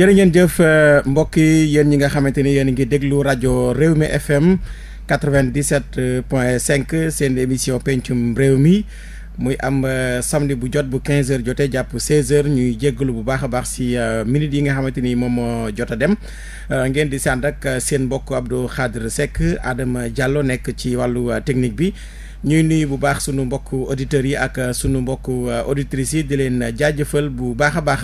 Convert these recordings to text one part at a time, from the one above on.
jërë ngeen jëf euh, mbokk yi yéen ñi nga xamante ni yéen a ngi déglu rajo réew mi FM quatre vingt point cinq seen émission pencum réew mi muy am euh, samedi bu jot bu quinze heures jotee jàpp seize heures ñuy jéggalu bu baax a baax si euh, minutes yi nga xamante ni moom moo jot a dem ngeen di sànd ak seen mbokk Abdou Khadre Seck Adama Diallo nekk ci wàllu technique bi. ñuy nuyu bu baax sunu mbokk auditeurs yi ak sunu mbokk euh, auditrices yi di leen jaajëfal bu baax a baax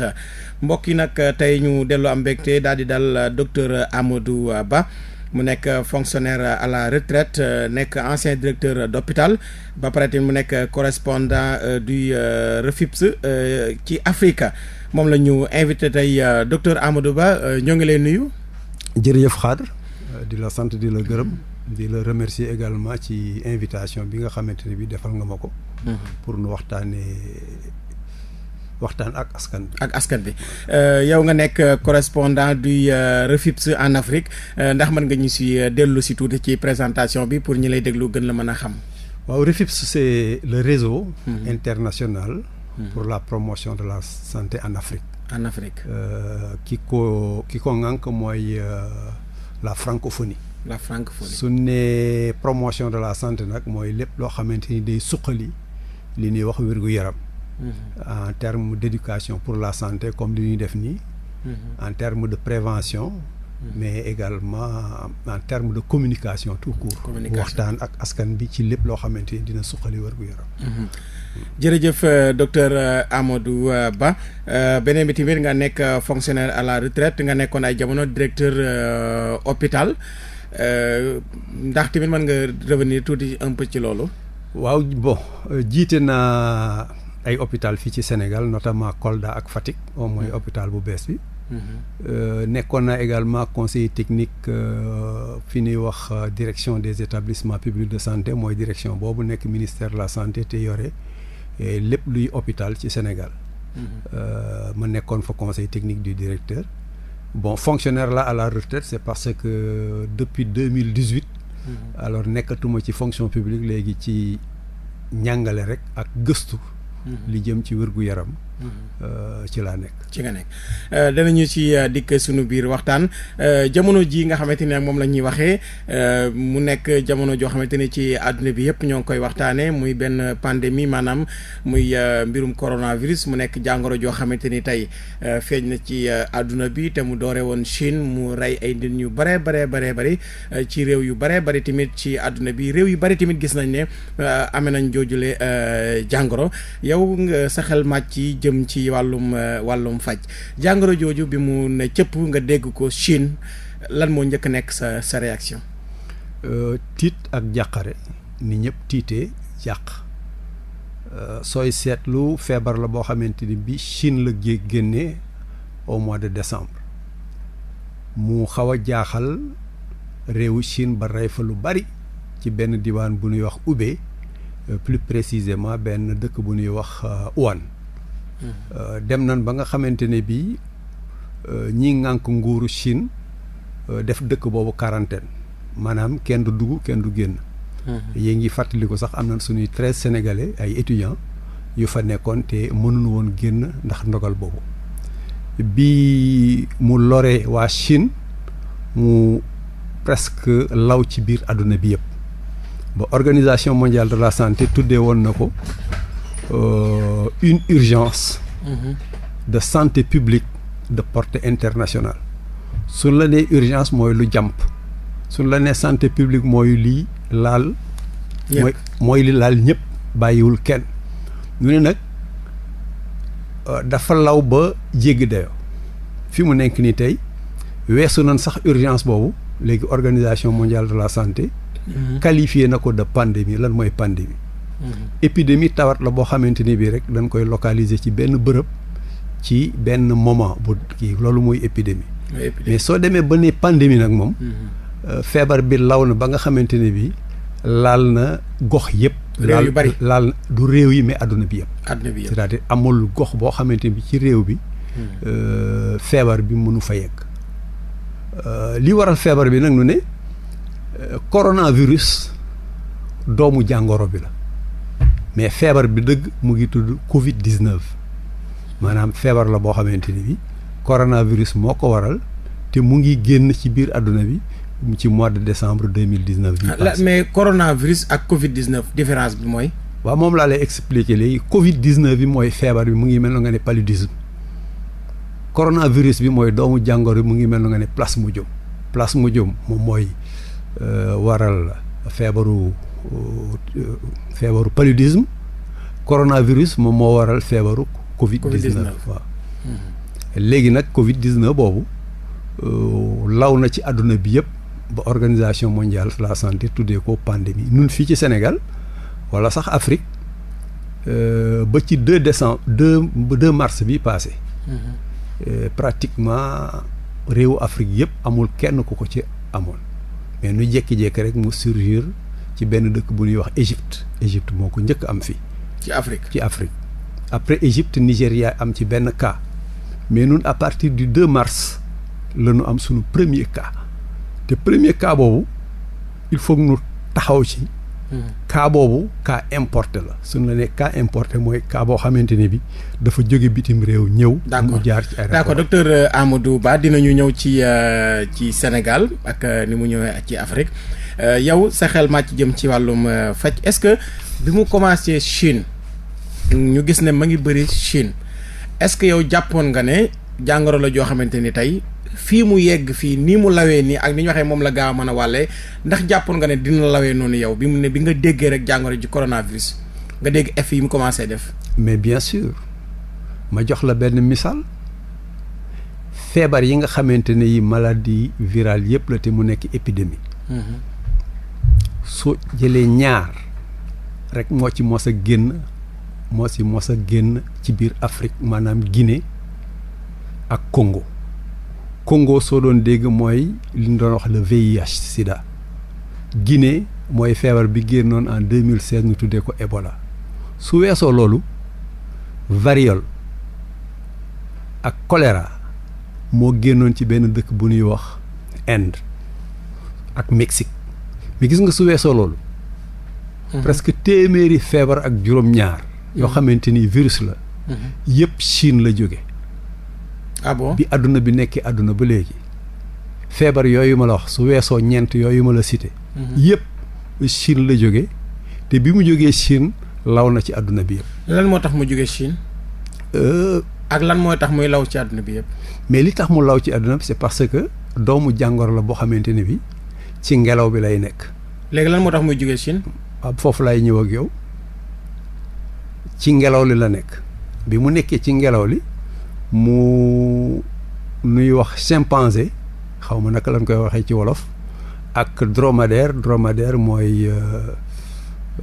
mbokk yi nag euh, tey ñu dellu am mbégte daal di dal euh, docteur Amadou Ba. mu nekk fonctionnaire à la retraite nekk ancien directeur d'hôpital ba pare mu nekk correspondant du REFIPS ci Afrique moom la ñu invité tey docteur Amadou Ba ñoo ngi lay nuyu. jërëjëf Khadre di la sant di la gërëm. di la remercier également ci invitation bi nga xamante ne bi defal nga ma ko. Mhm. pour nu waxtaanee. waxtaan ak askan ak askan bi euh, yow nga nekk correspondant du euh, REFIPS en Afrique euh, ndax mën nga ñu si dellu si tuuti ci présentation bi pour ñu lay déglu gën la mën a xam. waaw REFIPS c'est le réseau. Mhm. international. Mhm. pour la promotion de la santé en Afrique. en Afrique. ki ko ki ko ŋànk mooy la francophonie. la francophonie su ne promotion de la santé nag mooy lépp loo xamante ni day suqali li nuy wax wér yaram mm-hmm. en terme d'éducation pour la santé comme li ñuy def nii. Mm-hmm. en terme de prévention. Mm-hmm. mais également en terme de communication tout court. waxtaan ak askan bi ci lépp loo xamante ni dina suqali wér-gu-yaram. jërëjëf euh, docteur euh, Amadou euh, Ba beneen bi tamit nga nekk fonctionnaire à la retraite nga nekkoon ay jamono directeur hôpital. Euh, ndax tamit mën nga revenir tuuti un peu ci loolu. waaw bo euh, jiite naa ay hôpital fii ci Sénégal notamment Kolda ak Fatick. moom mooy mm-hmm. hôpital bu bees bi. Mm-hmm. Euh, nekkoon naa également conseil technique fi nuy wax direction des établissements publics de santé mooy direction boobu nekk ministère la santé te yore lépp luy hôpital ci Sénégal. Mm-hmm. ma nekkoon fa conseil technique du directeur. bon fonctionnaire la à la retraite c'est parce que depuis 2018 mhm. alors nekkatuma ci fonction publique léegi ci ñàngale rek ak gëstu mhm. li jëm ci wér-gu-yaram mhm. euh, ci laa nekk ci nga nekk euh, ñu ci euh, dikk sunu biir waxtaan euh, jamono ji nga xamante ne moom la ñuy waxee mu nekk jamono joo xamante ni ci àdduna bi yëpp ñoo ngi koy waxtaanee muy benn pandémie maanaam muy mbirum coronavirus mu nekk jàngoro joo xamante ni tey feeñ na ci àdduna bi te mu doore woon Chine mu rey ay nit ñu bare bare bare ci réew yu bare bari tamit ci àdduna bi réew yu bari tamit gis nañ ne amee nañ joojule jàngoro yow sa xel màcc ci jëm ci wàllum wàllum faj jàngoro jooju bi mu ne cëpp nga dégg ko Chine lan moo njëkk nekk sa sa réaction. Euh, tiit ak jàqare ni ñëpp tiitee jàq euh, sooy seetlu feebar la boo xamante ni bi Chine la gé génnee au mois de décembre mu xaw a jaaxal réewu Chine ba rey fa lu bari ci benn diwaan bu ñuy wax Hubei euh, plus précisément benn dëkk bu ñuy wax Wuhan Euh, dem nañ ba nga xamante ne bii euh, ñi ŋànk nguuru Chine euh, def dëkk boobu quarantaine maanaam kenn du dugg kenn du génn. Mhm. yéen ngi fàttali ko sax am na suñuy treize sénégalais ay étudiants yu fa nekkoon te mënuñu woon génn ndax ndogal boobu bi mu lore waa Chine mu presque law ci biir àdduna bi yëpp ba organisation mondiale de la santé tuddee woon na ko euh, une urgence mm-hmm. de santé publique de porté internationale su la nee urgence mooy lu jàmp su la nee santé publique mooy lii laal mooy mooy li laal ñëpp bàyyiwul kenn ñu ne nag euh, dafa law ba jéggi dayoo fi mu nekk nii tey weesu nañ sax urgence boobu léegi organisation mondiale de la santé mm-hmm. qualifié na ko de pandémie lan mooy pandémie épidémie tawat la boo xamante ni bii rek danga koy localiser ci benn bërëb ci benn moment bu kii loolu mooy épidémie mais soo demee ba ne pandémie nag moom mhm. euh, feebar bi law na ba nga xamante ne bii laal na gox yëpp yu bari laal du réew yi mais àdduna bi yëpp àdduna bi yëpp amul gox boo xamante ne bi ci réew bi mhm. euh, feebar bi mënu fa yegg euh, li waral feebar bi nag nu ne coronavirus doomu jàngoro bi la mais feebar bi dëgg mu ngi tudd Covid 19 maanaam feebar la boo xamante ni bi coronavirus moo ko waral te mu ngi génn ci biir àdduna bi ci mois de décembre deux mille dix neuf. Ah, mais coronavirus ak Covid 19 différence bi mooy. waa moom laa lay expliquer léegi Covid 19 bi mooy feebar bi mu ngi mel na nga ne paludisme coronavirus bi mooy doomu jàngoro bi mu ngi mel na nga ne mu mu plasmodium moom mooy euh, waral feebaru. Euh, feebaru paludisme coronavirus moom moo waral feebaru covid 19 hmm. léegi nag covid 19 boobu euh, law na ci àdduna bi yëpp ba organisation mondiale de la santé tuddee ko pandémie ñun fii ci senegal wala sax Afrique euh, ba ci deux décembre deux deux mars bi passé hmm. pratiquement réewu Afrique yëpp amul kenn ku ko ci amoon mais nu jékki-jékki rek mu surgir ci benn dëkk bu ñuy wax Égypte Égypte moo ko njëkk am fii. ci Afrique ci Afrique. après Égypte Nigéria am ci benn cas mais noonu à partir du 2 mars la ñu am suñu premier cas te premier cas boobu il faut que nu taxaw ci. Hmm. cas boobu cas importe la suñu la ne cas importé mooy cas boo xamante ne bi dafa jóge bitim réew ñëw. mu jaar ci aéroport d'accord docteur euh, Amadou Ba dinañu ñëw ci euh, ci Sénégal ak euh, ni mu ñëwee ak ci Afrique. Euh, yow sa xel ci jëm ci wàllum euh, faj est-ce que bi mu commencé Chine ñu gis ne ma ngi bëri Chine est-ce que yow jàppoon nga ne jàngoro la joo xamante ni tey fii mu yegg fii nii mu lawee nii ak ni ñu waxee moom la gaaw a mën a wàllee ndax jàppoon nga ne dina lawee noonu yow bi mu ne bi nga déggee rek jàngoro ji coronavirus nga dégg effet yi mu commencé def. mais bien sûr ma jox la benn misaal feebar yi nga xamante ni yi maladie yëpp la te mu nekk épidémie. Mhm. soo jëlee ñaar rek moo ci mos a génn moo si mos génn ci biir Afrique maanaam Guinée ak Congo Congo soo doon dégg mooy li ñu doon wax le viage sida Guinée mooy feebar bi génnoon en 2016 ñu tuddee ko Ebola su weesoo loolu variole ak choléra moo génnoon ci benn dëkk bu ñuy wax Inde ak Mexique mais gis nga su weesoo loolu. Uh-huh. presque téeméeri feebar ak juróom-ñaar. Uh-huh. yoo xamante ni virus la. Uh-huh. yëpp Chine la jóge ah bon bi àdduna bi nekkee àdduna ba léegi. feebar yooyu ma la wax su weesoo ñeent yooyu ma la cité. yëpp Chine la jóge te bi mu jógee Chine law na ci àdduna bi yëpp. lan moo tax mu jógee Chine. Euh, ak lan mooy tax muy law ci àdduna bi yëpp. mais li tax mu law ci àdduna bi c'est parce que doomu jàngoro la boo xamante ni bi ci ngelaw bi lay nekk. léegi lan moo tax muy jógee Chine. waaw foofu lay ñëw ak yow ci ngelaw li la nekk bi mu nekkee ci ngelaw li mu nuy wax chimpanzé xaw ma naka lañ koy waxee ci wolof ak dromadaire dromadaire mooy. Euh,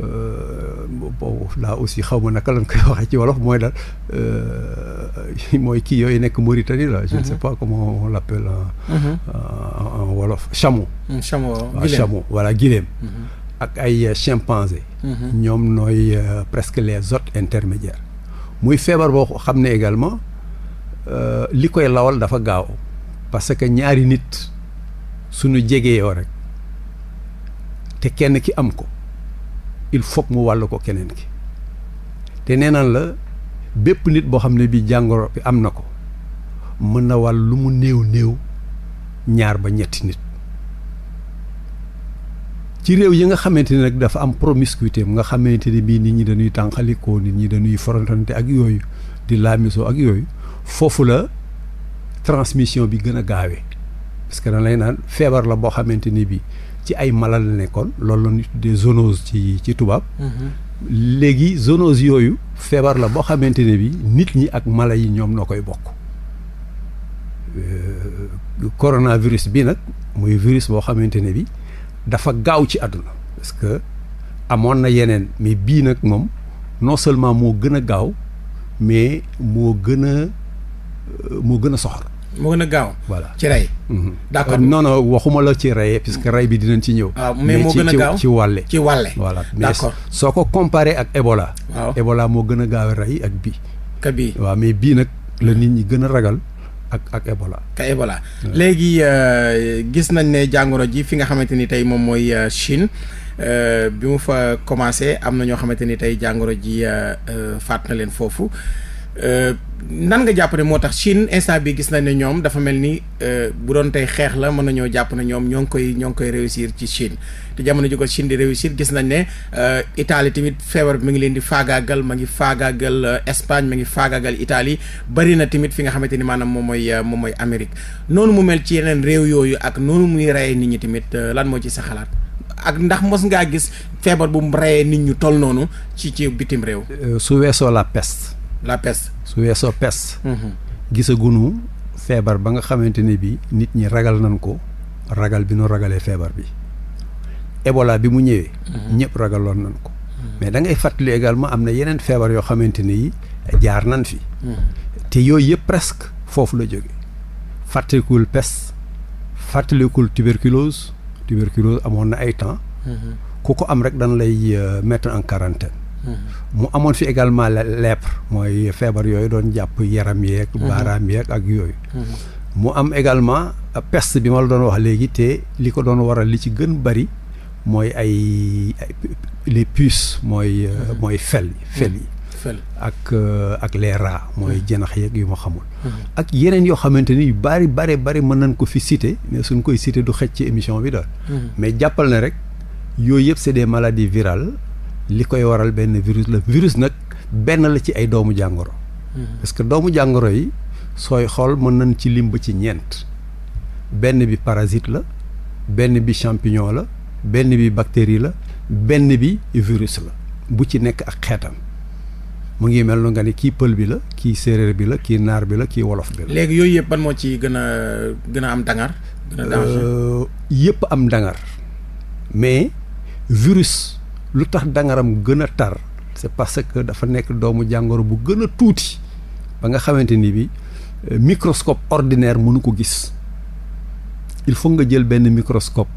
euh, boobu là aussi xaw ma naka lañ koy waxee ci wolof mooy daal euh, mooy kii yooyu nekk Mauritanie la. je ne mm-hmm. sais pas comment on l'appelle en wolof chameau. Mm, chameau waaw chameau voilà gileem. Mm-hmm. ak ay euh, chimpanzé. Mm-hmm. ñoom nooy euh, presque les hôtes intermédiaires. muy feebar boo xam ne également euh, li koy lawal dafa gaaw parce que ñaari nit suñu jegeyoo rek te kenn ki am ko il faut mu wàll ko keneen ki te nee nan la bépp nit boo xam ne bi jàngoro bi am na ko mën na wàll lu mu néew néew ñaar ba ñetti nit ci réew yi nga xamante ni nag dafa am promiscuité nga xamante ni bii nit ñi dañuy tànqalikoo nit ñi dañuy forontante ak yooyu di laamiso ak yooyu foofu la transmission bi gën a gaawee parce que dañ lay naan feebar la boo xamante ni bii ci ay mala la nekkoon loolu la ñuy tuddee zoonose ci ci tubaab. Mm-hmm. léegi zoonose yooyu feebar la boo xamante ne bii nit ñi ak mala yi ñoom noo koy bokk. Euh, coronavirus bi nag muy virus boo xamante ne bi dafa gaaw ci àdduna parce que amoon na yeneen mais bii nag moom non seulement moo gën a gaaw mais moo gën a moo gën a soxor moo gën a gaaw voilà ci rey mhm. d'accord euh, non waxuma la ci rey que rey bi dinañ ci ñëw ah, mais moo gën a gaaw ci wàlle ci wàlle voilà mais soo ko comparé ak Ebola Ebola moo gën a gaaw a rey ak bii ka bii waaw mais bii nag la nit ñi gën a ragal ak ak Ebola. ka Ebola léegi euh, gis nañ ne jàngoro ji fi nga xamante ni tey moom mooy euh, Chine euh, bi mu fa commencé am na ñoo xamante ni tey jàngoro ji faat na leen foofu. Euh, nan nga jàpp ne moo tax Chine instant bi gis nañ ne ñoom dafa mel ni euh, bu doon tey xeex la mën nañoo jàpp ne ñoom ñoo ngi koy ñoo ngi koy réussir ci Chine te jamono ji ko Chine di réussir gis nañ ne euh, Italie tamit feebar bi ngi leen di faagaagal ma ngi faagaagal Espagne ma ngi faagaagal Italie bari na tamit fi nga xamante ni maanaam moom mooy moom mooy noonu mu mel ci yeneen réew yooyu ak noonu muy reyee nit ñi tamit lan moo ci sa xalaat ak ndax mos ngaa gis feebar bu mu reyee nit ñu toll noonu ci ci bitim réew. su weesoo la peste. la peste. su weesoo pes gisagunu feebar ba nga xamante ni bi nit ñi ragal nañ ko ragal bi nu ragalee feebar bi Ebola bi mu ñëwee. Mhm. ñëpp ragaloon nañ ko. Mhm. mais da ngay fàttali également am na yeneen feebar yoo xamante ni yi jaar nañ fi. Mhm. te yooyu yëpp presque foofu la jóge fàttalikul peste fàttalikul tuberculose tuberculose amoon na ay temps. ku ko am rek dañ lay euh, mettre en quarantaine mu amoon fi également lèpre mooy feebar yooyu doon jàpp yaram yeeg mhm. baaraam yeeg ak yooyu mhm. mu am également peste bi ma la doon wax léegi te li ko doon waral li ci gën bari mooy ay les puces mooy euh, mhm. mooy fel fel yi ak euh, ak les rats mooy janax yeeg yu ma xamul ak yeneen yoo xamante ni yu bari bari bari mën nañ ko fi citer ne suñ koy citer du xëcc ci émission bi doon mais jàppal na rek yooyu yëpp c'est des maladies virales li koy waral benn virus la virus nag benn la ci ay doomu jàngoro. Mm-hmm. parce que doomu jàngoro yi sooy xool mën nañ ci limb ci ñeent. benn bi parasite la benn bi champignon la benn bi bactérie la benn bi virus la bu ci nekk ak xeetam. mu ngi mel noonu nga ne kii pël bi la kii séeréer bi la kii naar bi la kii wolof bi la. léegi yooyu yëpp ban moo ci gën a gën a am dangar. gën euh, yëpp am dangar mais virus lu tax dangaram gën a tar c'est parce que dafa nekk doomu jàngoro bu gën a tuuti ba nga xamante ni bi euh, microscope ordinaire mënu ko gis il faut nga jël benn microscope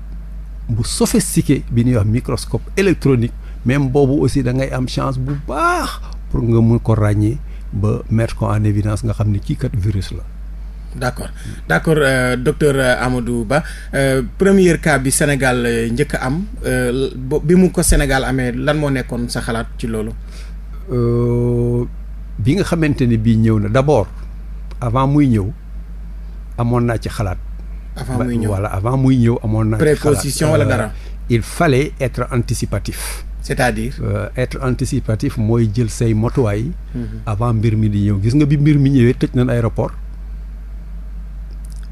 bu sophistiqué bi ñuy wax microscope électronique même boobu aussi da ngay am chance bu baax pour nga mu ko ràññee ba mettre ko en évidence nga xam ne kii kat virus la d' accord d' accord euh, docteur euh, Amadou Ba euh, premier cas bi Sénégal euh, njëkk a am bi mu ko Sénégal amee lan moo nekkoon sa xalaat ci loolu. bi nga xamante ne bii ñëw na d' abord avant muy ñëw amoon naa ci xalaat. avant muy ñëw voilà avant muy ñëw amoon naa. précaution wala dara. il fallait être anticipatif. c'est-à-dire. Euh, être anticipatif mooy jël say motuwaay. Mhm. avant mbir mi di ñëw gis nga bi mbir mi ñëwee tëj nañ aéroport.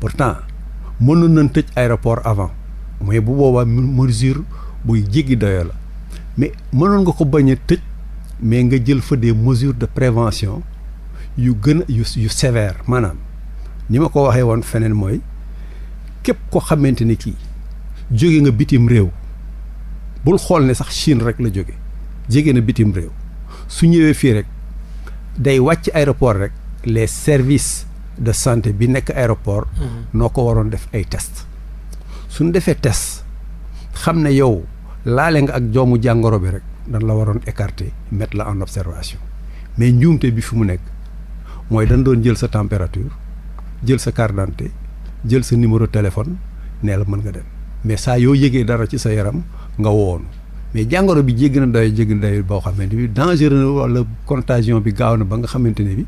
pourtant mënoon nañ tëj aéroport avant mais bu boobaa mesure buy jéggi doyo la mais mënoon nga ko bañ a tëj mais nga jël fa des mesures de prévention yu gën a yu yu sévère maanaam ni ma ko waxee woon feneen mooy képp ko xamante ni kii jóge nga bitim réew bul xool ne sax Chine rek la jóge jóge na bitim réew su ñëwee fii rek day wàcc aéroport rek les service de santé bi nekk aéroport. Mhm. noo ko waroon def ay test suñ defee test xam ne yow laale nga ak joomu jàngoro bi rek dañ la waroon écarter mettre la en observation mais njuumte bi fi mu nekk mooy dañ doon jël sa température jël sa carte jël sa numéro téléphone nee la mën nga dem mais saa yoo yëgee dara ci sa yaram nga woonu mais jàngoro bi jéggi na day jéggi na boo xamante ni dangereux wala contagion bi gaaw na ba nga xamante ne bi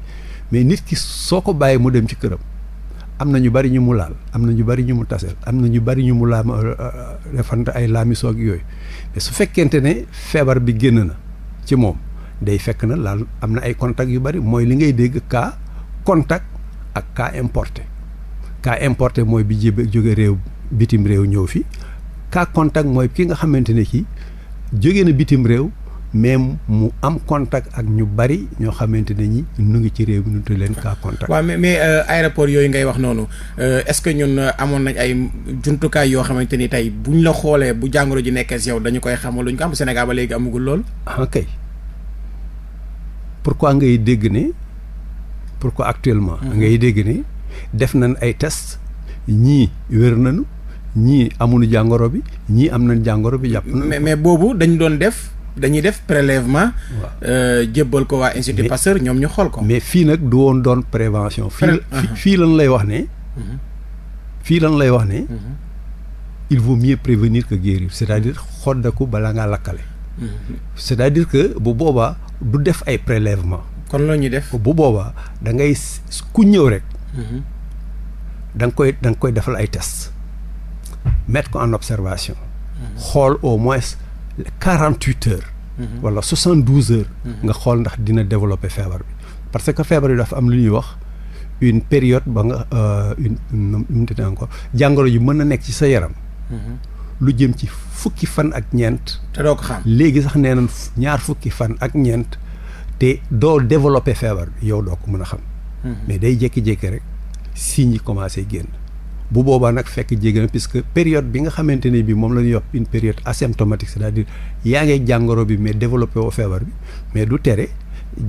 mais nit ki soo ko bàyyi mu dem ci këram am na ñu bari ñu mu laal am na ñu bari ñu mu taseel am na ñu bari ñu mu laam euh, euh, defante ay laamisoo ak yooyu mais su fekkente ne feebar bi génn na ci moom day fekk na laal am na ay contact yu bari mooy li ngay dégg cas contact ak cas importé cas importé mooy bi jébe jóge réew bitim réew ñëw fi cas contact mooy ki nga xamante ne kii jóge na bitim réew mais mu am contact ak ñu bari ñoo xamante ne ñi ñu ngi ci réew mi ñu tudd leen cas contact. waaw mais mais euh, aéroport yooyu ngay wax noonu euh, est-ce que ñun euh, amoon nañ ay jumtukaay yoo xamante ni tey ñu la xoolee bu jàngoro ji nekkee si yow dañu koy xamal luñ ko am Sénégal ba léegi amugul lool. Ah, ok pourquoi ngay dégg ne pourquoi actuellement. Hmm. ngay dégg ne def nañ ay tests ñii wér nañu ñii amuñu jàngoro bi ñii am nañ jàngoro bi. jàpp mais mais boobu dañu doon def. dañuy def prélèvement. Euh, jébbal ko waa institut Pasteur ñoom ñu xool ko. mais fii nag du woon doon prévention. fii uh-huh. fii lan lay wax ne. Uh-huh. fii lan lay wax ne. Uh-huh. il vaut mieux prévenir que guérir c'est-à-dire xoddaku balaa ngaa lakkale. c'est-à-dire que bu boobaa du def ay prélèvement kon la ñuy def bu boobaa da ngay ku ñëw rek. da nga koy da nga koy defal ay tas mettre ko en observation. xool au moins. 48 heures. Mhm. wala 72 heures. Mhm. nga xool ndax dina développer feebar bi parce que feebar bi dafa am lu ñuy wax une période ba nga euh, une une une encore jàngoro ji mën na nekk ci sa yaram. Mhm. lu jëm ci fukki fan ak ñeent. te doo ko xam léegi sax nee nañ ñaar fukki fan ak ñeent te doo développer feebar bi yow doo ko mën a xam. mais day jékki-jékki rek signes ñi commencé génn. bu boobaa nag fekk jéggi na puisque période bi nga xamante ne bi moom la ñuy une période asymptomatique c'est-à-dire yaa ngi jàngoro bi mais développé woo feebar bi mais du tere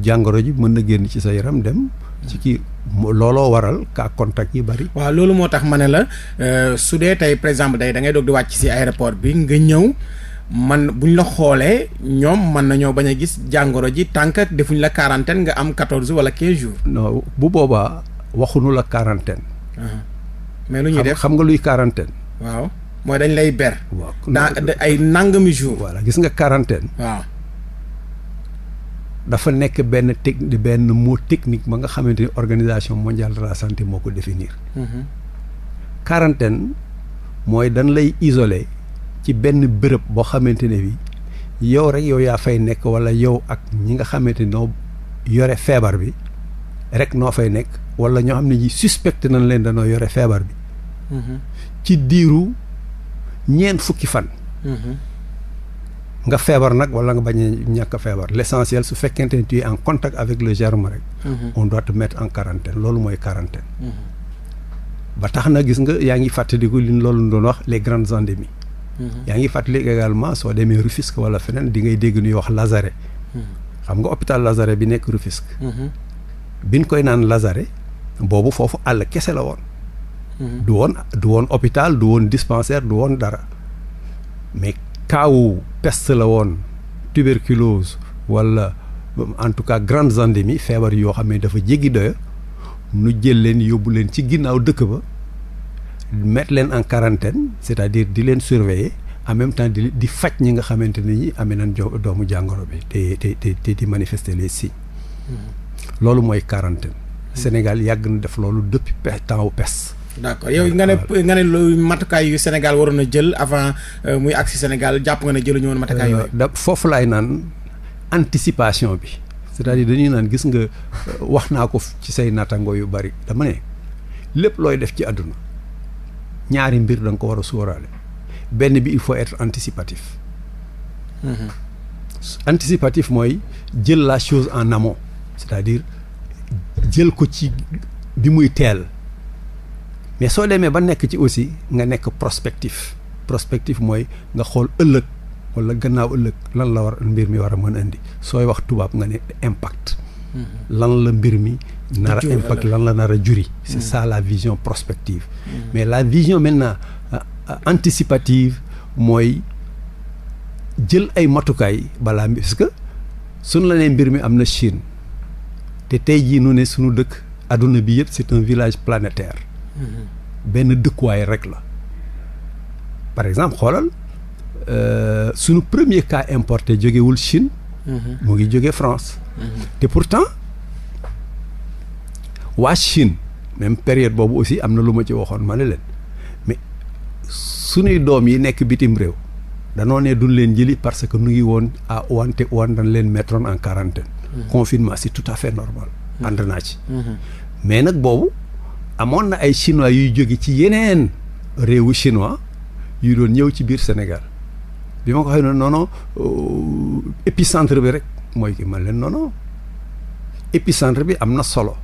jàngoro ji mën na génn ci sa yaram dem ci kii looloo waral ka contact yi bari. waaw loolu moo tax ma ne la euh, su dee tey par exemple day da ngay doog di wàcc si aéroport bi nga ñëw man buñ la xoolee ñoom mën nañoo bañ a gis jàngoro ji tànk defuñ la quarantaine nga am quatorze wala quinze jours. non bu boobaa waxuñu la quarantaine. Ah. mais lu ñuy def xam nga luy quarantaine. waaw mooy dañ lay ber. waaw dans ay nangami jour voilà gis nga quarantaine. dafa nekk benn tec benn technique ba nga xamante ni organisation mondiale de la moo ko définir. Mhm. quarantaine mooy dañ lay isole ci benn bërëb boo xamante ne bi yow rek yow yaa fay nekk wala yow ak ñi nga xamante ni noo yore feebar bi. rek noo fay nekk wala ñoo xam ne ñi suspecté nañ leen danoo yore feebar bi mm-hmm. ci diiru ñeent fukki fan mm-hmm. nga feebar nag wala nga bañ a ñàkk a feebar l'essentiel su fekkente ne tu en contact avec le germe rek mm-hmm. on doit te en quarantaine loolu mooy quarantaine ba tax na gis nga yaa ngi fàttaliku li loolu doon wax les grandes endémies yaa ngi fàttali également soo demee Rufisque wala feneen di ngay dégg ñuy wax Lazare xam nga hôpital Lazare bi nekk Rufisque biñ koy naan Lazare boobu foofu àll kese la woon. Mhm. du woon du woon hôpital du woon dispensaire du woon dara mais kaawu pest la woon tuberculose wala en tout cas grandes endémies feebar yoo xam ne dafa jéggi doyo nu jël leen yóbbu leen ci ginnaaw dëkk ba mettre leen en quarantaine c'est-à-dire di leen surveiller en même temps di di faj ñi nga xamante ne ñi amee nañ doomu jàngoro bi te te te te di manifester les si loolu mooy quarantaine Sénégal yàgg na def loolu depuis temps wu pes d'accord yow nga ne nga matukaay yu Sénégal waroon a jël avant euh, muy agsi Sénégal jàpp nga ne jëluñu woon matukaay yooyu euh, da foofu laay naan anticipation bi c'est-à-dire dañuy naan gis nga euh, wax naa ko ci say nattangoo yu bari dama ne lépp looy def ci àdduna ñaari mbir da ko war a sóoraale benn bi il faut être anticipatif mm-hmm. anticipatif mooy jël la chose en amont c'est-à-dire jël ko ci bi muy teel mais soo demee ba nekk ci aussi nga nekk prospectif prospectif mooy nga xool ëllëg walla gannaaw ëllëg lan la war mbir mi war a mën a indi sooy wax tubaab nga ne impact mm-hmm. lan la mbir mi nar a impact lan la nar a juri c'est mm-hmm. ça la vision prospective mm-hmm. mais la vision maintenant euh, euh, anticipative mooy jël ay matukaay balaa parce que suñ la nee mbir mi am na Chine te tey jii nu ne suñu dëkk adduna bi yëpp c'est un village planetaire mm-hmm. benn dëkkuwaay rek la par exemple xoolal euh, suñu premier cas importe jógewul Chine mm-hmm. mu ngi jóge France mm-hmm. te pourtant waa Chine même période boobu aussi am na lu ma ci waxoon ma ne leen mais sunuy doom yi nekk bitim réew danoo ne duñ leen jëli parce que nu ngi woon à wante woon dañ leen mettre en quarantaine confinement c'est tout à fait normal. Mm-hmm. ànd naa ci. Mm-hmm. mais nag boobu amoon na ay chinois yuy jóge ci yeneen réewu chinois yu doon ñëw ci biir Sénégal bi ma ko waxee noonu non non euh, bi rek mooy ki man leen non non épicentre bi am na solo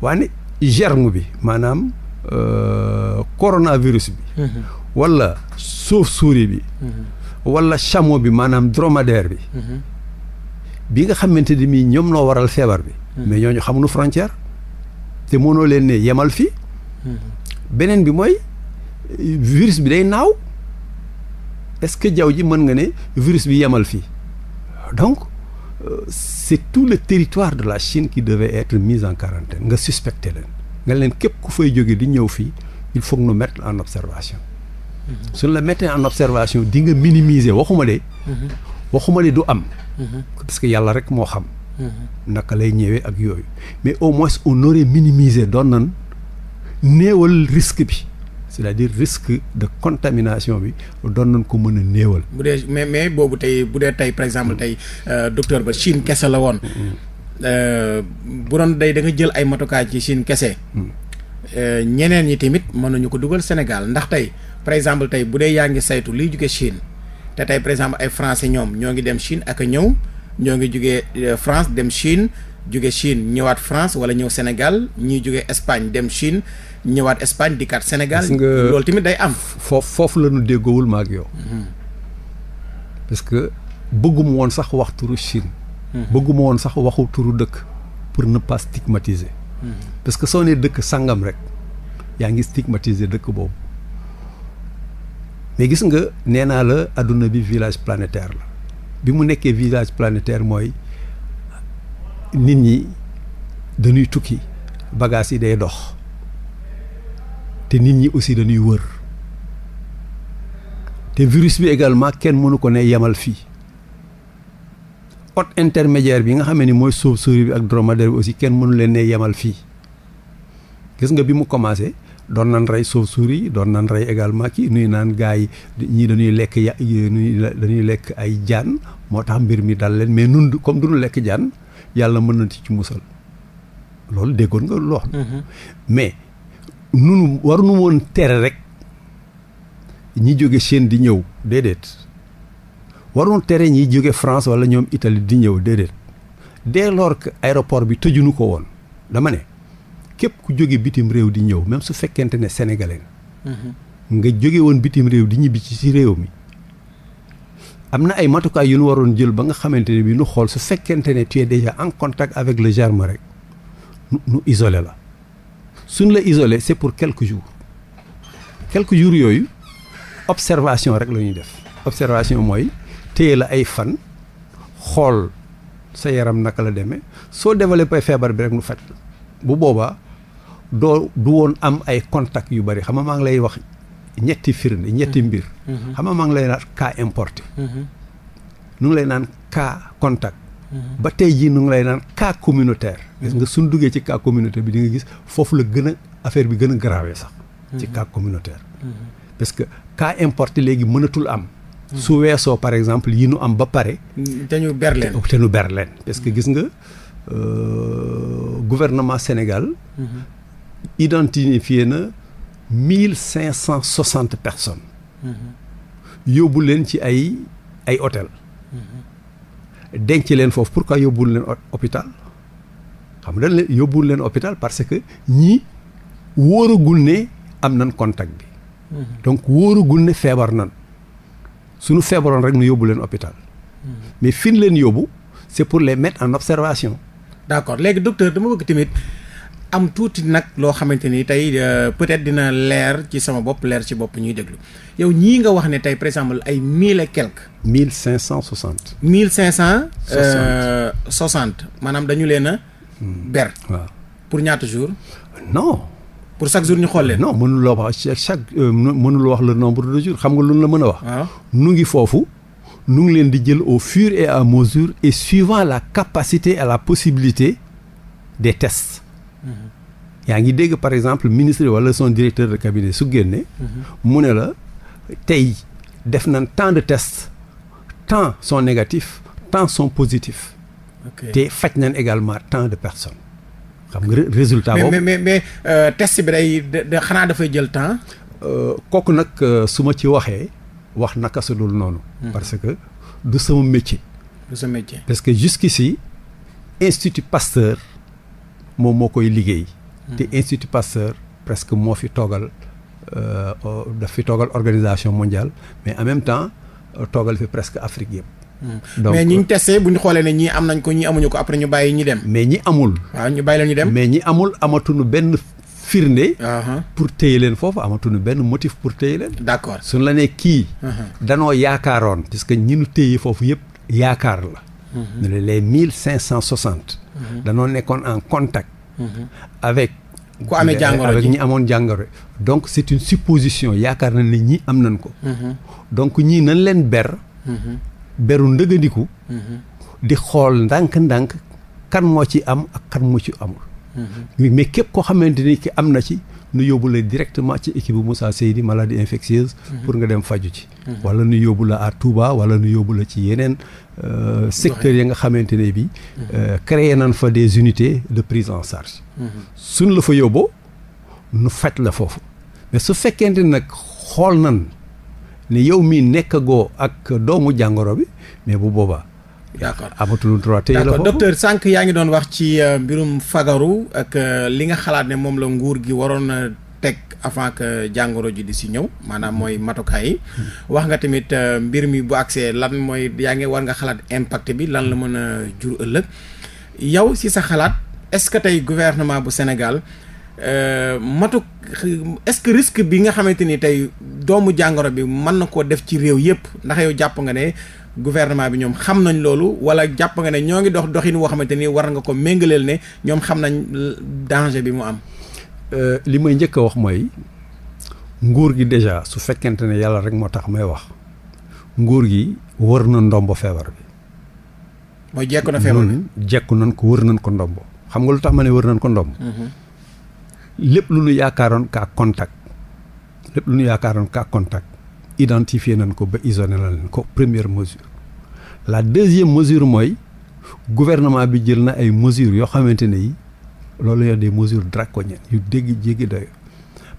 waaye germe bi maanaam euh, coronavirus bi. Mm-hmm. wala chauve suuri bi. wala chameau bi maanaam dromadaire bi. bi nga xamante ni mii ñoom noo waral feebar bi. Hmm. mais ñooñu xamuñu frontière. te mënoo leen ne yemal fi hmm. beneen bi mooy virus bi day naaw est-ce que jaww ji mën nga ne virus bi yemal fii donc euh, c'est tout le territoire de la Chine qui devait être mise en quarantaine nga suspecté leen nga leen képp ku fay jóge di ñëw fii il faut que nous mettre en observation. Hmm. suñ la mettre en observation di nga minimiser waxuma de. waxuma ni du am. Mm-hmm. parce que yàlla rek moo xam. Mm-hmm. naka lay ñëwee ak yooyu mais au moins on aurait minimisé doon nan néewal risque bi c'est-à-dire risque de contamination bi doon nañ ko mën a néewal. bu dee mais mais boobu tey bu dee tey par exemple mm. tey euh, docteur ba Chine kese la woon. Mm-hmm. Euh, bu doon dey da nga jël ay matukaay ci Chine kese. Mm. Euh, ñeneen ñi tamit mën nañu ko dugal Sénégal ndax tey par exemple tey bu dee yaa ngi saytu liy juge Chine. te tey par exemple ay français ñoom ñoo ngi dem Chine ak a ñëw ñoo ngi jugee euh, France dem Chine jóge Chine ñëwaat France wala ñëw Sénégal ñuy jóge Espagne dem Chine ñëwaat Espagne di Sénégal. loolu tamit day am. foofu foofu la ñu déggoowul ma ak yow. Mm-hmm. parce que bëgguma woon sax wax turu Chine. Mm-hmm. bëgguma woon sax waxu turu dëkk pour ne pas stigmatiser. Mm-hmm. parce que soo nee dëkk sangam rek yaa ngi stigmatiser dëkk boobu. mais gis nga nee naa la àdduna bi village planétaire la bi mu nekkee village planetaire mooy nit ñi dañuy tukki bagages yi day dox te nit ñi aussi dañuy wër te virus bi également kenn mënu ko ne yemal fii haute intermédiaire bi nga xam ne mooy chauve-souris bi ak dromadaire bi aussi kenn mënu leen ne yemal fii gis nga bi mu commencé doon nan rey chauve-souris doon nan rey également kii nuy naan gars yi ñii dañuy lekk ya dañuy lekk ay jaan moo tax mbir mi dal leen mais nun comme duñu lekk jaan yàlla mën na ci musal loolu déggoon nga lool. Mm-hmm. mais nunu waruñu woon tere rek ñi jóge Chine di ñëw déedéet waruñu tere ñi jóge France wala ñoom Italie di ñëw déedéet dès lors que aéroport bi tëjuñu ko woon dama ne képp ku jóge bitim réew di ñëw même su fekkente ne sénégalais nga mhm. jóge woon bitim réew di ñibbi ci si réew mi am na ay matukaay yu nu waroon jël ba nga xamante ne bi nu xool su fekkente ne tu es déjà en contact avec le germe rek nu isole la suñ la isole c'est pour quelque jours quelque jours yooyu observation rek la ñuy def observation mooy téye la ay fan xool sa yaram naka la demee soo développé feebar bi rek nu faj bu boobaa doo du woon am ay contact yu bari xam nga maa ngi lay wax ñetti firnde ñetti mhm. mbir. Mhm. xam nga maa ngi lay naan cas importe mhm. nu ngi lay naan cas contact. ba tey jii nu ngi lay naan cas communautaire. gis nga suñ duggee ci cas communautaire bi di nga gis foofu la gën a affaire bi gën a grave sax. ci cas communautaire. parce que cas importé léegi mënatul am. su weesoo par exemple yi nu am ba pare. Mm, te ñu berleen te ñu berleen parce que gis nga euh, gouvernement Sénégal. identifié na mille cinq cent soixante personnes. yóbbu leen ci ay ay hôtel. denc leen foofu pour pourquoi yóbbuwul leen hôpital xam nga leen leen hôpital parce que ñii wóoragul ne am nan contact bi. donc wóoragul ne feebar nan suñu feebaroon rek nu yóbbu leen hôpital. mais fi ñu leen yóbbu c'est pour les mettre en observation. d'accord léegi docteur dama bëgg tamit. am tuuti nag loo xamante ni tey euh, peut-être dina leer ci sama bopp leer ci bopp ñuy déglu yow ñii nga wax ne tey par exemple ay mille et quelques. mille cinq cent soixante. mille cinq cent. soixante euh, maanaam dañu leen a. Hmm. ber. waaw pour ñaata jours. non. pour chaque jour ñu xool leen. non mënuloo wax chaque euh, mënuloo wax le nombre de jours xam nga lu la mën a wax. nu ngi foofu. nu ngi leen di jël au fur et à mesure et suivant la capacité et la possibilité des tests. yaa ngi dégg par exemple ministre wala son directeur de cabinet su génne. Mhm. mu ne la tey def nañ temps de tests temps son négatif temps son positifs. te faj nañ également temps de personne xam nga résultat boobu mais mais mais euh, test bi day xanaa dafay jël temps. Euh, kooku nag euh, su ma ci waxee wax naka su dul noonu. Mhm. parce que du sama métier. du sa parce que jusqu'ici institut Pasteur moom moo koy liggéey. te mhm. institut Pasteur presque moo fi toogal euh, daf fi toogal organisation mondiale mais en même temps euh, toogal fi presque Afrique yëpp. Mhm. donc mais ñi ñu testé bu ñu xoolee ne ñii am nañ ko ñi amuñu ko après ñu bàyyi ñi dem. mais ñi amul. waaw ñu bàyyi la ñu dem. mais ñi amul amatuñu benn firnde. pour téye leen foofu amatuñu benn motif pour téye leen. d'accord suñu la nee kii. Mhm. danoo yaakaaroon. parce que ñi ñu téye foofu yëpp yaakaar la. mille cinq cent soixante. danoo nekkoon en contact. avec ku amee jàngoro ji ñi amoon jàngoro donc c'est une supposition yaakaar na ne ñi am nañ ko mhm. donc ñii nañ leen ber mhm. beru ndëgëndiku mhm. di xool ndànk-ndànk kan moo ci am ak kan moo ci amul mais képp koo xamante ni ki am na ci nu yóbbu la directement ci équipe bu Moussa Seydi maladie infectieuse pour nga dem faju ci wala nu yóbbu la à Touba wala nu yóbbu la ci yeneen Euh, secteurs yi nga xamante ne bi euh, créer nañ fa des unités de prise en charge suñ la fa yóbboo nu faj la foofu mais su fekkente nag xool nan ni yow mii nekk goo ak doomu jàngoro bi mais bu boobaa d'accord amatul droit tey la docteur sànq yaa ngi doon wax ci euh, mbirum fagaru ak li nga xalaat ne moom la nguur gi waroon na avant que jàngoro ji di si ñëw maanaam mooy matukaay yi. wax nga tamit euh, mbir mi bu accès lan mooy yaa ngi war nga xalaat impact bi lan la mën a jur ëllëg yow si sa xalaat est-ce que tey gouvernement bu Sénégal euh, matu est-ce que risque bi nga xamante ni tey doomu jàngoro bi mën na koo def ci réew yépp ndax yow jàpp nga ne. gouvernement bi ñoom xam nañ loolu wala jàpp nga ne ñoo ngi dox doxin woo xamante ni war nga ko méngaleel ne ñoom xam nañ danger bi mu am. Euh, li may njëkk wax mooy nguur gi déjà su fekkente ne yàlla rek moo tax may wax nguur gi wër na ndombo feebar bi. mooy jekku na feebar bi jekku nañ ko wër nañ ko ndombo xam nga lu tax ma ne wër nañ ko ndombo. Mm-hmm. lépp lu ñu yaakaaroon kaa contact. lépp lu ñu yaakaaroon kaa contact identifier nañ ko ba isolé nañ ko première mesure. la deuxième mesure mooy gouvernement bi jël na ay mesures yoo xamante ne loolu la des mesures draconiennes yu dégg jéggi dayo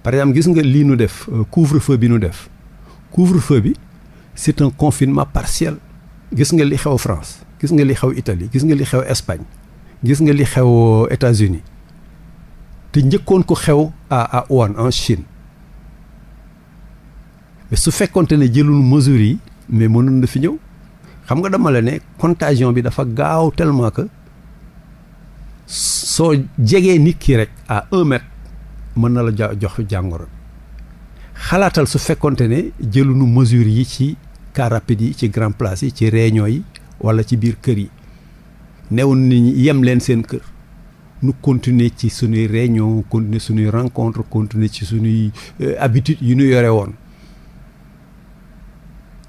par exemple gis nga lii nu def euh, couvre-feu bi nu def couvre feur bi c'est un confinement partiel gis nga li xew France gis nga li xew Italie gis nga li xew Espagne gis nga li xew euh, États-Unis te njëkkoon ko xew à à en Chine su fekkonte ne jëlul mesures yi mais mënoon na fi ñëw xam nga dama la ne contagion bi dafa gaaw tellement que soo jegee nit ki rek à un mètre mën na la jox jàngoro xalaatal su fekkonte ne jëlunu mesure yi ci car rapide yi ci grand place yi ci réunion yi wala ci biir kër yi newoon nit yem leen seen kër nu continuer ci suñuy réunion continuer suñuy rencontre continuer ci suñuy euh, habitude yu ñu yore woon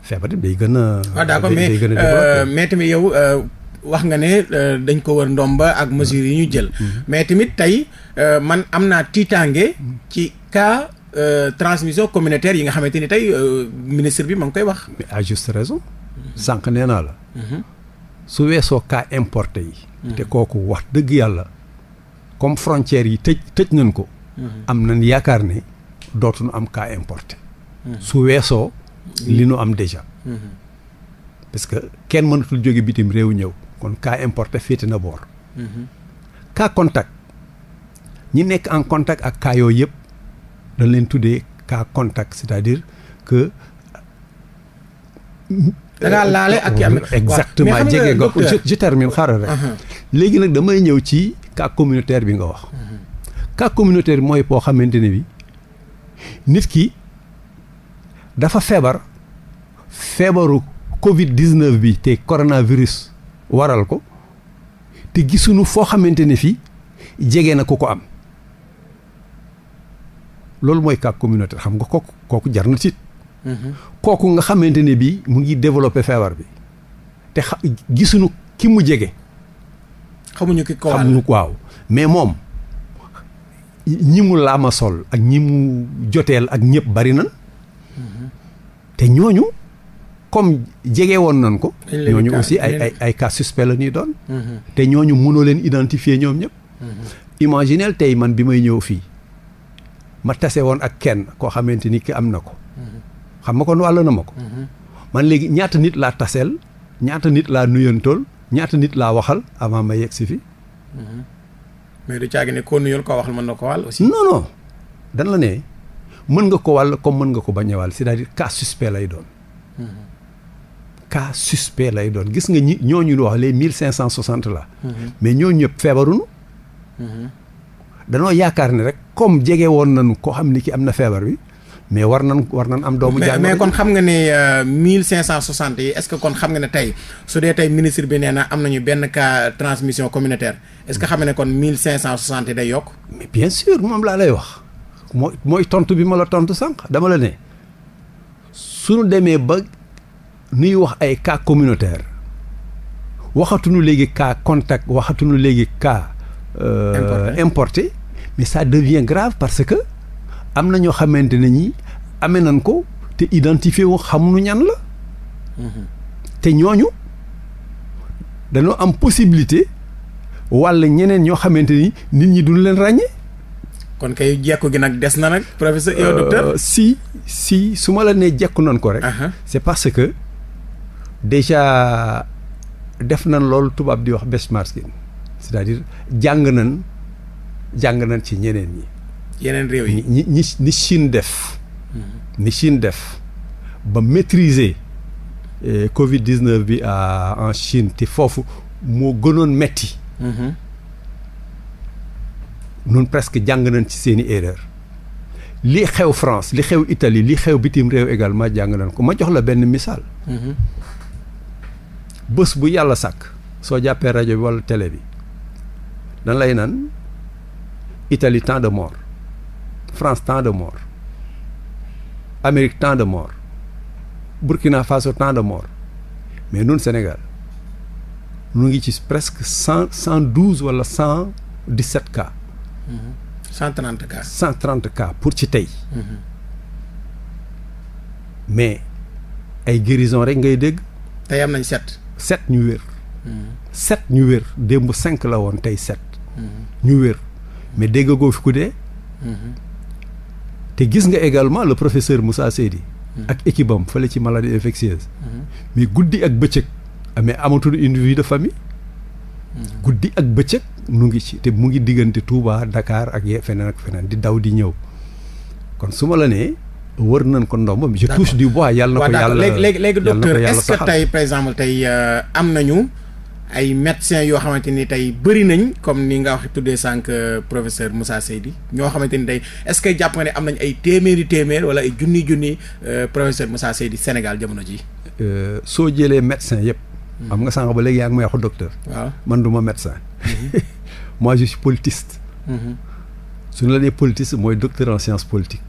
feebar day gën a. Ah, day gën a mais euh, mais tamit yow euh, wax nga ne euh, dañ ko war ndomba ak mesures yi ñu jël. Mm-hmm. Mm-hmm. mais tamit tey euh, man am naa tiitaange ci cas euh, transmission communautaire yi nga xamante ni tey ministre bi ma ngi koy wax. mais à juste raison. Mm-hmm. sànq nee naa la. su weesoo cas importe yi. te kooku wax dëgg yàlla comme frontière yi tëj tëj nañ ko. am nañ yaakaar ne dootuñu am cas importé. su weesoo li nu am déjà. parce que kenn mënatul jóge bitim réew ñëw. kon cas importé féete na boor. cas mhm. contact ñi nekk en contact ak cas yooyu yëpp dañ leen tuddee cas contact c'est-à-dire que. da laale ak ki am euh, exactement ko je termine mhm. léegi nag damay ñëw ci cas communautaire bi nga wax. cas mhm. communautaire bi mooy poo xamante ne bi nit ki dafa feebar feebaru Covid 19 bi te coronavirus waral ko te gisuñu foo xamante ne fii jege na ku ko am loolu mooy kàk communautaire xam nga kooku kooku jar na tiit mhm. kooku nga xamante ni bii mu ngi développé feebar bi te xa gisuñu ki mu jege. xamuñu ki ko xamuñu waaw mais moom ñi mu a sol ak ñi mu joteel ak ñëpp bari nan mhm. te ñooñu. comme jege woon nañ ko. ñooñu aussi ay ay ay cas la ñuy doon. Mm-hmm. te ñooñu mënoo leen identifier ñoom ñëpp. Mm-hmm. imaginel tey man bi may ñëw fii ma tase woon ak kenn koo xamante ni ki am na ko. Mm-hmm. xam nga kon wàll na ma ko. man léegi ñaata nit laa taseel ñaata nit laa nuyantool ñaata nit laa waxal avant ma yegg si fi. mais du caagi ne koo nuyoon koo waxal mën na ko wàll aussi. dan la ne mën nga ko wàll comme mën nga ko bañ a wàll c'est-à-dire cas suspect lay doon. cas suspect lay doon gis nga ñi ñooñu wax les mille cinq cent soixante là mais ñooñu ñëpp feebarunu danoo yaakaar ni rek comme jege woon nañu koo xam ni ki am na feebar bi mais war nan war nan am doomu jàngoro mais kon xam nga ne euh, mille cinq cent soixante yi est-ce que kon xam nga ne tey su dee tey ministre bi nee na am nañu benn cas transmission communautaire est-ce que xam nga ne kon mille cinq cent soixante yi day yokk mais bien sûr moom laa lay wax mooy mooy tontu bi ma la tontu sànq dama la ne suñu demee ba nuy wax ay cas communautaire waxatuñu léegi cas contact waxatuñu léegi cas euh, importé mais ça devient grave parce que am na ñoo xamante ne ñi amee nañ ko te identifié wu xamuñu ñan la mhm. te ñooñu dañoo am possibilité walla ñeneen ñoo xamante ni nit ñi duñ leen ràññee kon kay jekku gi nag des na nag professeur yow docteur euh, si si su ma la nee jekku nañ ko rek c'est parce que déjà def nañ loolu tubaab di wax benchmarking c'est-à-dire jàng nañ jàng nañ ci ñeneen yi yeneen réew yi ñi ñi ni Chine def. ni mm-hmm. Chine def ba maîtriser eh, Covid 19 bi en Chine te foofu moo gënoon metti mm-hmm. nun presque jàng nañ ci seeni erreur li xew France li xew Italie li xew bitim réew également jàng nañ ko ma jox la benn misaal. Mm-hmm. bës bu yàlla sàkk soo jàppee rajo bi wala télé bi dan lay nan Italie tant de mort France tant de mort Amérique tant de mort Burkina Faso tant de mort mais nun Sénégal nu ngi ci presque cent cent douze wala cent dix sept cas. Mm-hmm. cent trente cas. cent trente cas pour ci tey. Mm-hmm. mais ay guérison rek ngay dégg. tey am nañ sept. sept ñu wér. sept ñu wér démb cinq la woon tey sept. ñu wér mais dégg goo fi ku dee. te gis nga également le professeur Moussa Seydi. ak équipe fa la ci maladie infectieuse. mais guddi ak bëccëg. Ah, mais amatul une vie de famille. guddi ak bëccëg mu ngi ci te mu ngi diggante Touba Dakar ak feneen ak feneen di daw di ñëw kon su ma la nee. wër nañ ko ndomb je touche du bois yàlla na ko yàlla léegi léegi léegi docteur est-ce que tey par exemple tey euh, am na ñu ay médecins yoo xamante ni tey bëri nañ comme ni nga wax tuddee sànq euh, professeur Moussa Seydi ñoo xamante ni tey est-ce que jàpp ne am nañ ay téeméeri téeméer wala ay junni junni euh, professeur Moussa Seydi Sénégal jamono ji soo jëlee médecin yëpp hmm. am nga sànq ba léegi yaa ngi may wax docteur waaw man du ma médecin hmm. moi je suis politiste hmm. suñu la nee politiste mooy docteur en sciences politiques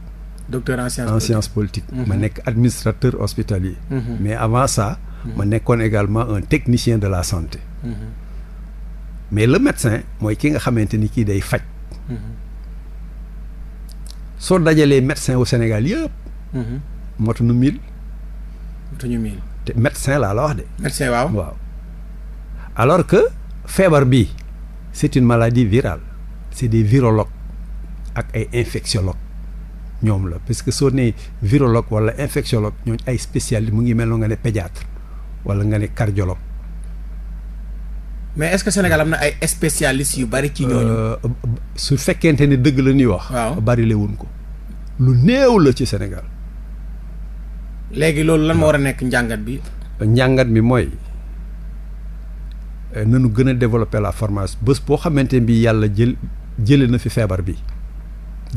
docteur en sciences en sciences politiques mhm. ma nekk administrateur hospitalier mhm. mais avant ça mhm. ma nekkoon également un technicien de la santé mais le médecin mooy ki nga xamante ni kii day faj soo dajalee médecin au Sénégal yëpp motu nu mil motu te médecin laa la wax de médecin waaw waaw alors que feebar bi c'est une maladie virale c'est des virologues ak ay infectiologues ñoom la parce que soo nee virologue wala infectiologue ñooñu ay spécialiste mu ngi mel nga ne pédiatre wala nga ne cardiologue. mais est-ce que Sénégal am na ay spécialistes yu bari ci ñooñu. Euh, su fekkente ne dëgg la ñuy wax. waaw wuñ ko. lu néew la ci Sénégal. léegi loolu lan moo war a nekk njàngat bi. njàngat bi mooy euh, nanu gën a développer la formation bés boo xamante bi yàlla jël jële na fi feebar bi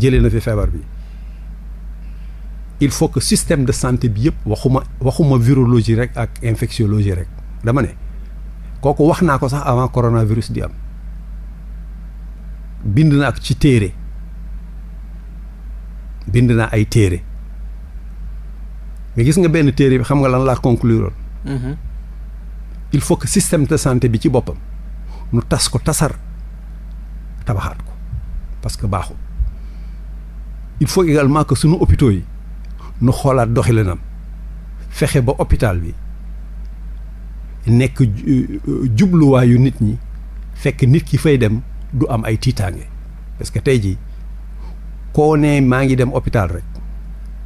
jëlee na fi feebar bi. il faut que système de santé bi yëpp waxuma waxuma virologie rek ak infectiologie rek dama ne kooku wax naa ko sax avant coronavirus di am bind na ak ci téere bind na ay téere mais gis nga benn téere bi xam nga lan laa conclure mm-hmm. il faut que système de santé bi ci boppam nu tas ko tasar tabaxaat ko parce que baaxul il faut également que sunu hôpitaux yi nu xoolaat doxilinam fexe ba hôpital bi nekk eh, eh, jubluwaayu nit ñi fekk nit ki fay dem du am ay tiitaange parce que tey jii koo ne maa ngi dem hôpital rek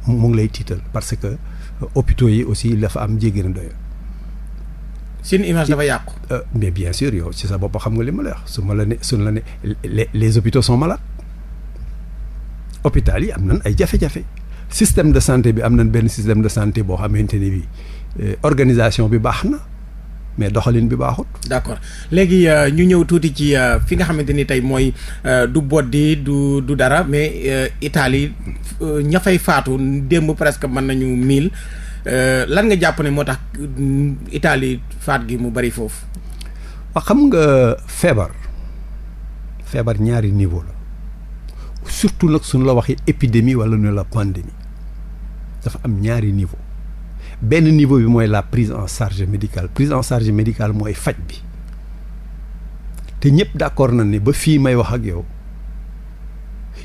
mu ngi lay tiital parce que eh, hôpitaux yi aussi dafa am jéggi na doyo seen image dafa yàqu. mais bien sûr yow ci sa bopp xam nga li ma lay wax su ma la ne suñ la ne les hôpitaux sont malades hôpital yi am nan ay jafe-jafe système de santé bi am nañ benn système de santé boo xamante ne bi euh, organisation bi baax na mais doxalin bi baaxut. d'accord léegi euh, ñu ñëw tuuti ci euh, fi nga xamante ni tey mooy du boddi du du dara mais Italie ña fay faatu démb presque mën nañu mille lan nga jàpp ne moo tax Italie faat gi mu bari foofu. waaw xam nga feebar feebar ñaari niveau la surtout nag suñu la waxee épidémie wala ñu la pandémie dafa am ñaari niveau benn niveau bi mooy la prise en charge médicale prise en charge médicale mooy faj bi te ñëpp d'accord na ni ba fii may wax ak yow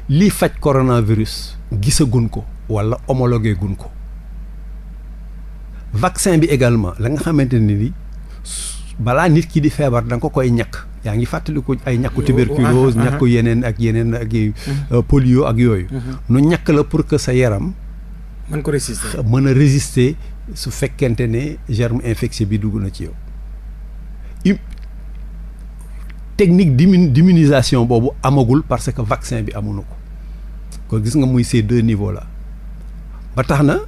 lii faj coronavirus gisagun ko wala homologué gun ko vaccin bi également la nga xamante ne ni balaa nit ki di feebar da nga ko koy ñàkk yaa ngi fàttaliku ay ñàkku tuberculose ñàkku yeneen ak yeneen ak mhm. polio ak yooyu mhm. nu ñàkk la pour que sa yaram mën ko résister mën a résister su fekkente ne germe infectieux bi dugg na ci yow. technique d'immunisation boobu amagul parce que vaccin bi amuñu ko. kon gis nga muy ces deux niveaux la ba tax na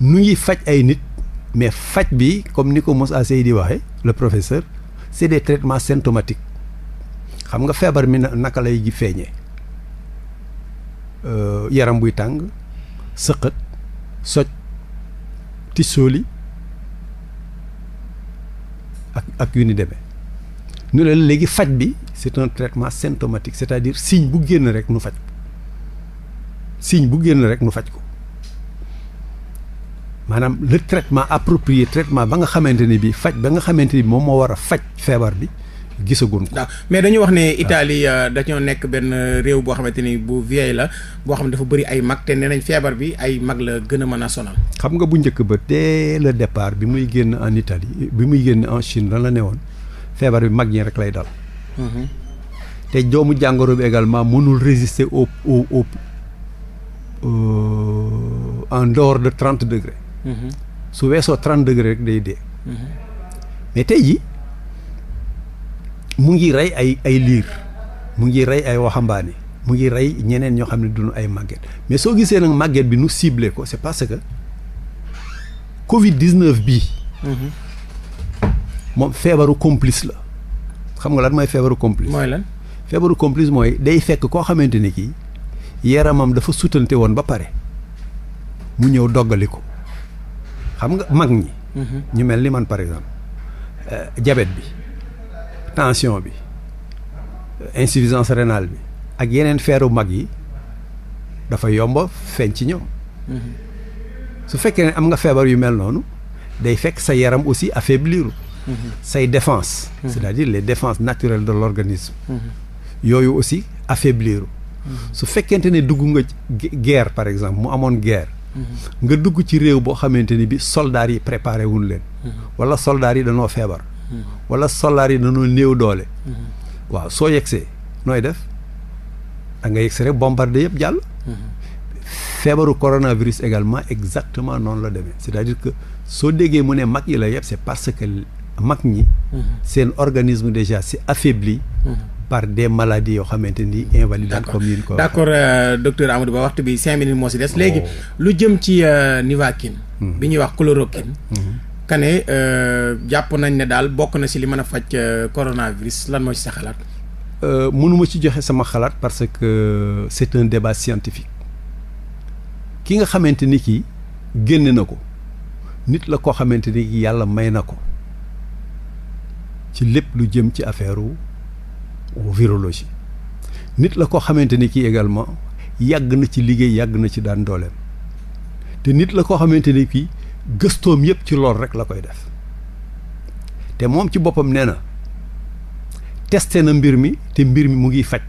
nu ngi faj ay nit mais faj bi comme ni ko Moussa di waxee le professeur c'est des traitement symptomatiques xam nga feebar mi naka lay ji feeñee euh, yaram buy tàng. sëqët soj tisóoli ak ak yu ni demee ñu ne léegi faj bi c'est un traitement symptomatique c'est-à-dire signe bu génn rek nu faj ko signe bu génn rek nu faj ko maanaam le traitement approprié traitement ba nga xamante ni bii faj ba nga xamante ni moom moo war a faj feebar bi gisaguñ ko. mais dañu wax ne Italie euh, dañoo nekk benn euh, réew boo xamante ni bu vieille la boo xam ne dafa bëri ay mag te nee nañ feebar bi ay mag la gën a mën a sonal. xam nga bu njëkk ba dès le départ bi muy génn en Italie bi muy génn en Chine lan la ne woon feebar bi mag ñi rek lay dal. Mm-hmm. te joomu jàngoro bi également mënul résister au au au euh, en dehors de trente degré mm-hmm. su weesoo trente degré rek day dee. Mm-hmm. mais tey jii. mu ngi rey ay ay liir mu ngi rey ay waxambaane mu ngi rey ñeneen ñoo xam ne duñu ay màgget mais soo gisee nag màgget bi nu ciblé ko c'est parce que Covid 19 bi moom feebaru complice la. xam nga lan mooy feebaru complice. mooy lan feebaru complice mooy day fekk koo xamante ni kii yaramam dafa sutante woon ba pare mu ñëw doggali ko xam nga mag ñi. Mhm. ñu mel ni man par exemple. jabet euh, bi. tension bi insuffisance rénale bi ak yeneen feeru mag yi dafa yomb feeñ ci ñoom mm-hmm. su fekkee ne am nga feebar yu mel noonu day fekk sa yaram aussi affaibliru mm-hmm. say défense mm-hmm. c'est-à-dire les défenses naturelles de l'organisme yooyu aussi affaibliru su fekkente ne dugg nga guerre par exemple mu amoon guerre nga dugg ci réew boo xamante ni bi soldats yi préparé wuñ leen wala soldats yi danoo feebar wala soldaar yi dañoo néew doole. Mm-hmm. waaw soo yegsee nooy def da nga yegsee rek bombardé yëpp jàll. Mm-hmm. feebaru coronavirus également exactement noonu la deme c'est-à-dire que soo déggee mu ne mag yi la yëpp c'est parce que mag ñi. Mm-hmm. seen organisme déjà si affaibli. par de maladies yoo xamante ni invalidantes comme ni ko d'accord euh, docteur Amadou Ba waxtu bi cinq minutes moo si des. Oh. léegi lu jëm ci euh, Nivaquine. bi ñuy wax chloroquine. kane euh, jàpp nañ ne daal bokk na si li mën a faj euh, coronavirus lan moo ci sa xalaat. Euh, mënuma ci joxe sama xalaat parce que c'est un débat scientifique ki nga xamante ni kii génne na ko nit la koo xamante ni yàlla may na ko ci lépp lu jëm ci affaire virologie nit la koo xamante ni kii également yàgg na ci liggéey yàgg na ci daan dooleem te nit la koo xamante ni gëstoom yëpp ci lool rek la koy def te moom ci boppam nee na testé na mbir mi te mbir mi mu ngi faj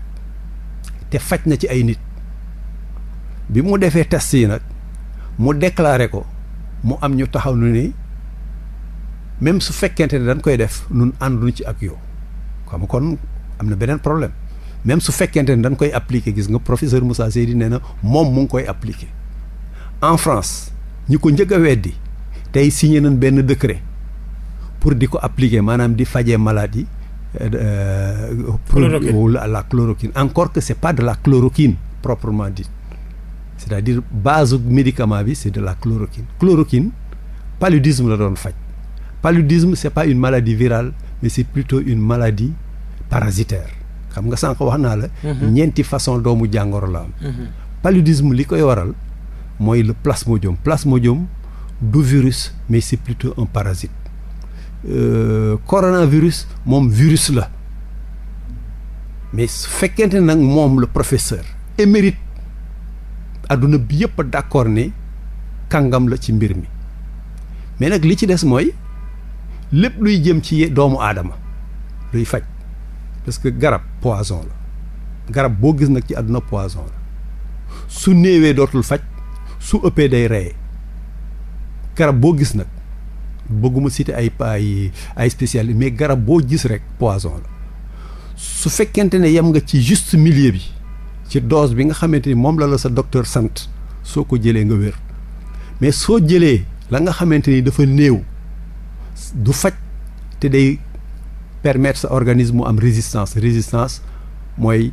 te faj na ci ay nit bi mu defee test yi nag mu déclaré ko mu am ñu taxaw nu ni même su fekkente ne dañ koy def nun ànduñu ci ak yow xam kon am na beneen problème même su fekkente ne dañ koy appliquer gis nga professeur Moussa Seydi nee na moom mu koy appliquer en France ñi ko njëkk a weddi tey signé nañ benn décret pour di ko appliquer maanaam di fajee maladie. Euh, euh produit ou la, la chloroquine encore que c'est pas de la chloroquine proprement dit c'est-à-dire base médicament bi c'est de la chloroquine chloroquine paludisme la doon faj paludisme c'est pas une maladie virale mais c'est plutôt une maladie parasitaire xam nga sànq wax naa la mhm. ñeenti façon doomu jàngoro la am mhm. paludisme li koy waral mooy le plasmodium plasmodium du virus mais c'est plutôt un parasite euh, coronavirus moom virus la mais fekkente ne nag moom la professeur émérite adduna bi yëpp d'accord ne kàngam la ci mbir mi mais nag li ci des mooy lépp luy jëm ci doomu aadama luy faj parce que garab poison la garab boo gis nag ci àdduna poison la su néewee dootul faj su ëppee day reye garab boo gis nag bëgguma citer ay ay ay spécialistes mais garab boo gis rek poison la su fekkente ne yem nga ci juste millier bi ci dose bi nga xamante ni moom la la sa docteur sant soo ko jëlee nga wér mais soo jëlee la nga xamante ni dafa néew du faj te day permettre sa organisme mu am résistance résistance mooy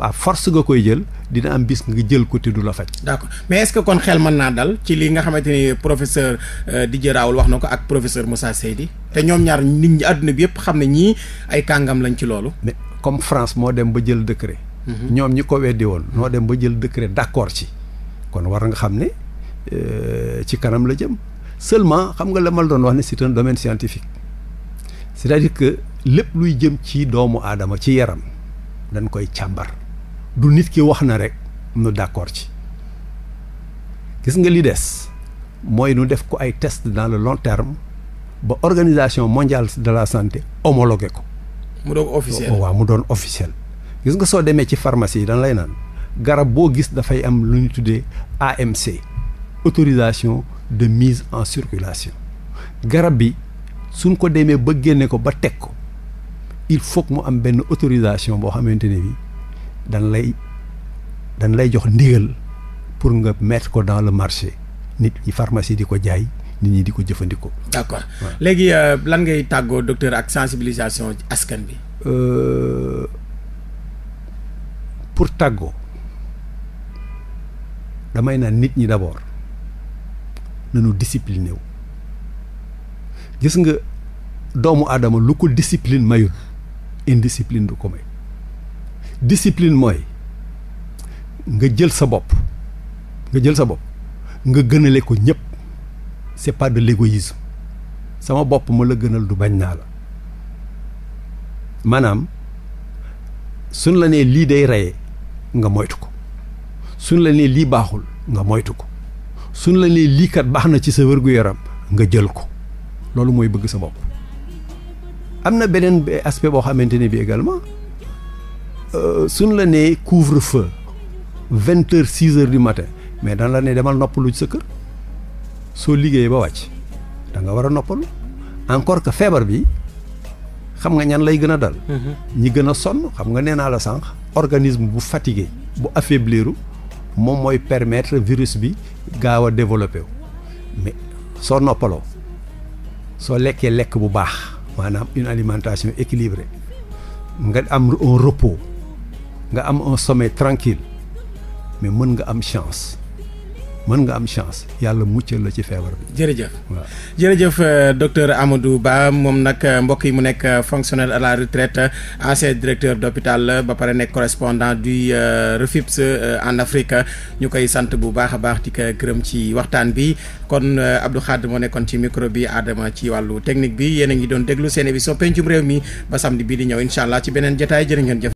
à force nga koy jël dina am bis nga jël ko te du la faj. d'accord mais est-ce que kon xel mën naa dal ci li nga xamante ni professeur euh, di Raoul wax na ko ak professeur Moussa Seydi te ñoom ñaar nit ñi àdduna bi yëpp xam ne ñii ay kàngam lañ ci loolu. mais comme France moo dem ba jël décret. Mhm. ñoom ñi ko weddi woon. noo dem ba jël décret d'accord ci. kon war nga xam ne euh, ci kanam la jëm seulement xam nga la ma doon wax ne c'est un domaine scientifique c'est-à-dire que lépp luy jëm ci doomu aadama ci yaram. dañ koy càmbar du nit ki wax na rek nu d'accord ci gis nga li des mooy nu def ko ay test dans le long terme ba organisation mondiale de la santé homologué ko. mu doon officiel oh, waaw mu doon officiel. gis nga soo demee ci pharmacie yi dañ lay naan garab boo gis dafay am lu ñu tuddee AMC autorisation de mise en circulation garab bi suñ ko demee ba génne ko ba teg ko. il faut mu am benn autorisation boo xamante ne bi dañ lay dañ lay jox ndigal pour nga mettre ko dans le marché nit ñi pharmacie di ko jaay nit ñi di ko jëfandikoo. d'accord léegi euh, lan ngay tàggoo docteur ak sensibilisation askan bi. Euh, pour tàggoo damay naan nit ñi d'abord nañu discipliné wu gis nga doomu aadama lu ko discipline mayul indiscipline du ko may discipline mooy nga jël sa bopp nga jël sa bopp nga gënale ko ñëpp c'est pas de l'égoïsme sama bopp ma la gënal du bañ naa la maanaam suñ la nee lii day reyee nga moytu ko suñ la nee lii baaxul nga moytu ko suñ la nee liikat baax na ci sa wér yaram nga jël ko loolu mooy bëgg sa bopp am na beneen aspect boo xamante ne bi également euh, suñ la nee couvre-feu vingt heures six heures du matin mais dana la ne demal noppalu sa kër soo liggéeyee ba wàcc da nga war a noppalu encore que feebar bi xam nga ñan lay gën a dal. Mhm. ñi gën a sonn xam nga nee naa la sànq organisme bu fatigué bu affaibliru moom mooy permettre virus bi gaaw a développé wu mais soo noppaloo soo lekkee lekk bu baax. maanaam une alimentation équilibrée nga am un repos nga am un sommeil tranquille mais mën nga am chance mën nga am chance yàlla muccal la ci feebar bi. jërëjëf waaw jërëjëf euh, docteur Amadou Ba moom nag euh, mbokk yi mu nekk euh, fonctionnaire à la retraite ancien directeur d'hôpital ba pare nekk correspondant du REFIPS en Afrique ñu koy sant bu baax a baax di këram ci waxtaan bi kon Abdou Khadre moo nekkoon ci micro bi Adama ci wàllu technique bi yéen a ngi doon déglu seen émission pencum réew mi ba samedi bii di ñëw incha allah ci beneen jotaay jërë ngeen jëf.